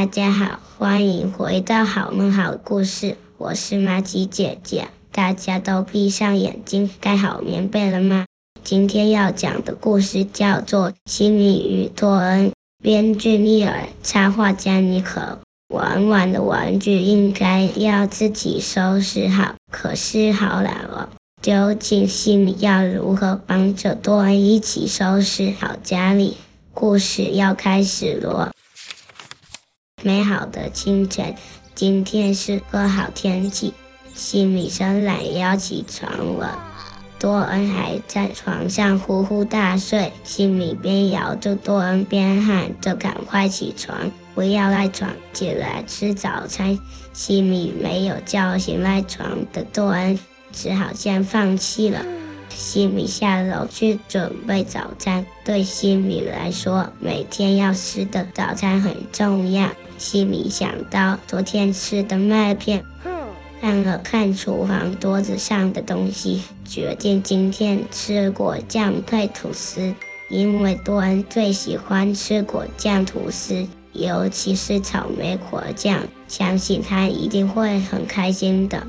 大家好，歡迎回到好夢好故事，我是麻吉姐姐。大家都閉上眼睛，蓋好棉被了嗎？今天要講的故事叫做《熙米與多恩》，編劇尼爾，插畫家妮可。玩完的玩具應該要自己收拾好，可是好懶哦。究竟熙米要如何幫着多恩一起收拾好家裡？故事要開始嘍。美好的清晨，今天是個好天氣。熙米伸懶腰起床了，多恩還在床上呼呼大睡。熙米邊搖着多恩邊喊着：“趕快起床，不要賴床，起來吃早餐。”熙米沒有叫醒賴床的多恩，只好先放棄了。熙米下樓去準備早餐。對熙米來說，每天要吃的早餐很重要。心裡想到昨天吃的麥片，看了看廚房桌子上的東西，決定今天吃果醬配吐司，因為多恩最喜歡吃果醬吐司，尤其是草莓果醬，相信他一定會很開心的。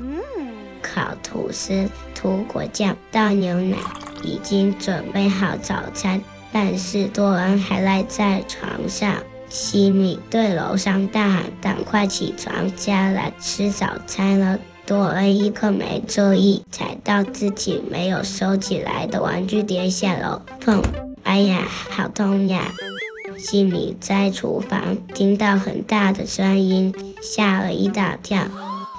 烤吐司，塗果醬，倒牛奶，已經準備好早餐，但是多恩還賴在床上。熙米對樓上大喊：“趕快起床，家來吃早餐了！”多恩一刻沒注意，踩到自己沒有收起來的玩具，跌下樓，砰！哎呀，好痛呀！熙米在廚房聽到很大的聲音，嚇了一大跳。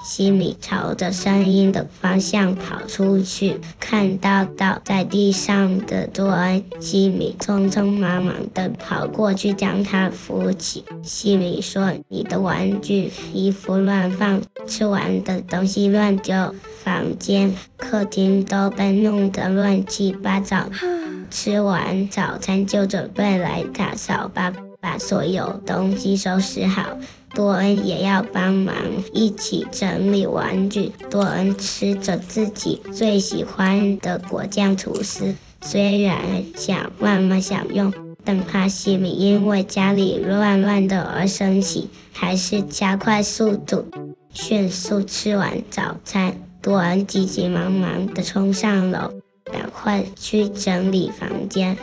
熙米朝着聲音的方向跑出去，看到倒在地上的多恩，熙米匆匆忙忙的跑過去，將他扶起。熙米說：“你的玩具衣服亂放，吃完的東西亂丟，房間、客廳都被弄得亂七八糟。 吃完早餐就準備來打掃吧，把所有東西收拾好。”多恩也要幫忙一起整理玩具。多恩吃着自己最喜歡的果醬吐司，雖然想慢慢享用，但怕熙米因為家裡亂亂的而生氣，還是加快速度，迅速吃完早餐。多恩急急忙忙地衝上樓，趕快去整理房間。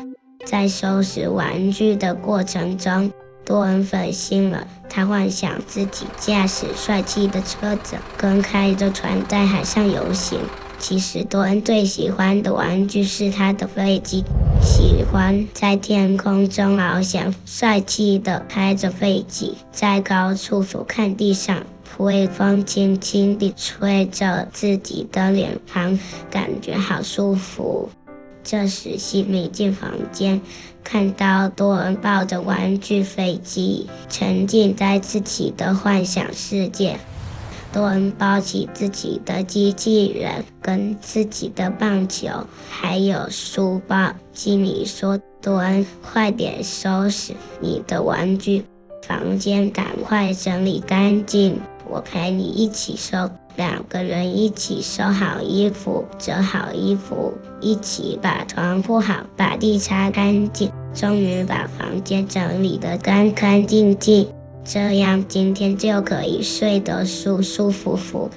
在收拾玩具的過程中，多恩分心了，他幻想自己駕駛帥氣的車子，跟開着船在海上遊行。其實多恩最喜歡的玩具是他的飛機，喜歡在天空中翱翔，帥氣的開着飛機在高處俯瞰地上，微風輕輕地吹着自己的臉龐，感覺好舒服。這時，熙米進房間，看到多恩抱着玩具飛機，沉浸在自己的幻想世界。多恩抱起自己的機器人，跟自己的棒球，還有書包。熙米說：“多恩，快點收拾你的玩具，房間趕快整理乾淨，我陪你一起收。”兩個人一起收好衣服，折好衣服，一起把床鋪好，把地擦乾淨，終於把房間整理得乾乾淨淨。這樣今天就可以睡得舒舒服服。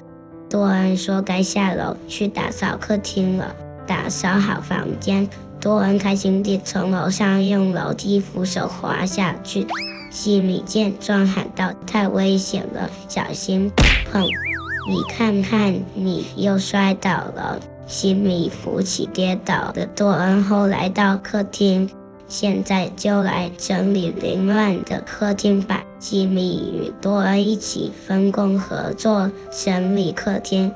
多恩說：“該下樓去打掃客廳了。”打掃好房間，多恩開心地從樓上用樓梯扶手滑下去。熙米見狀喊道：“太危險了，小心碰！”你看看，你又摔倒了。熙米扶起跌倒的多恩，後來到客廳，現在就來整理凌亂的客廳吧。熙米與多恩一起分工合作，整理客廳。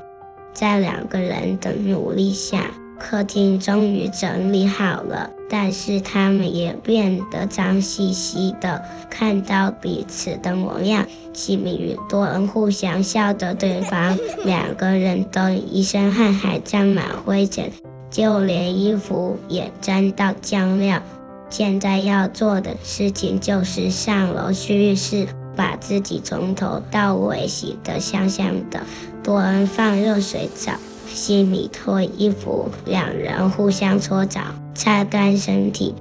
在兩個人的努力下，客廳終於整理好了，但是他們也變得髒兮兮的。看到彼此的模樣，熙米與多恩互相笑着對方。兩個人都一身汗，還沾滿灰塵，就連衣服也沾到醬料。現在要做的事情就是上樓去浴室，把自己從頭到尾洗得香香的。多恩放熱水澡。熙米脫衣服，兩人互相搓澡，擦乾身體。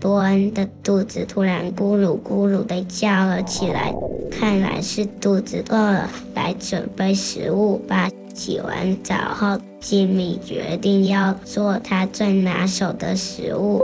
多恩的肚子突然咕嚕咕嚕的叫了起來，看來是肚子餓了，來準備食物吧。洗完澡後，熙米決定要做他最拿手的食物，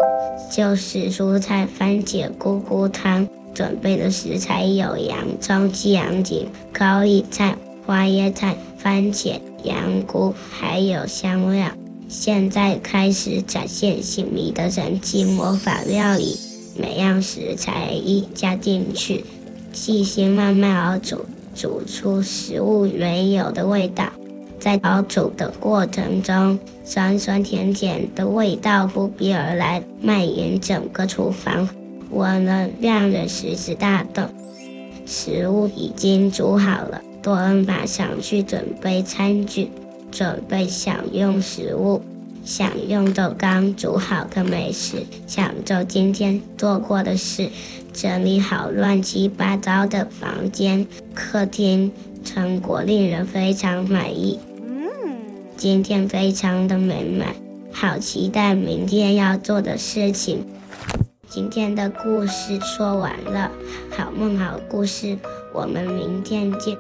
就是蔬菜番茄咕咕湯。準備的食材有洋蔥、西洋芹、高麗菜、花椰菜、番茄。香菇還有香料，現在開始展現熙米的神奇魔法料理。每樣食材一加進去，細心慢慢熬煮，煮出食物原有的味道。在熬煮的過程中，酸酸甜甜的味道撲鼻而來，蔓延整個廚房。我能量的食指大動。食物已經煮好了。我馬上去準備餐具，準備享用食物，享用多恩煮好的美食，享受今天做過的事，整理好亂七八糟的房間、客廳，成果令人非常滿意。嗯，今天非常的美滿，好期待明天要做的事情。今天的故事說完了，好夢好故事，我們明天見。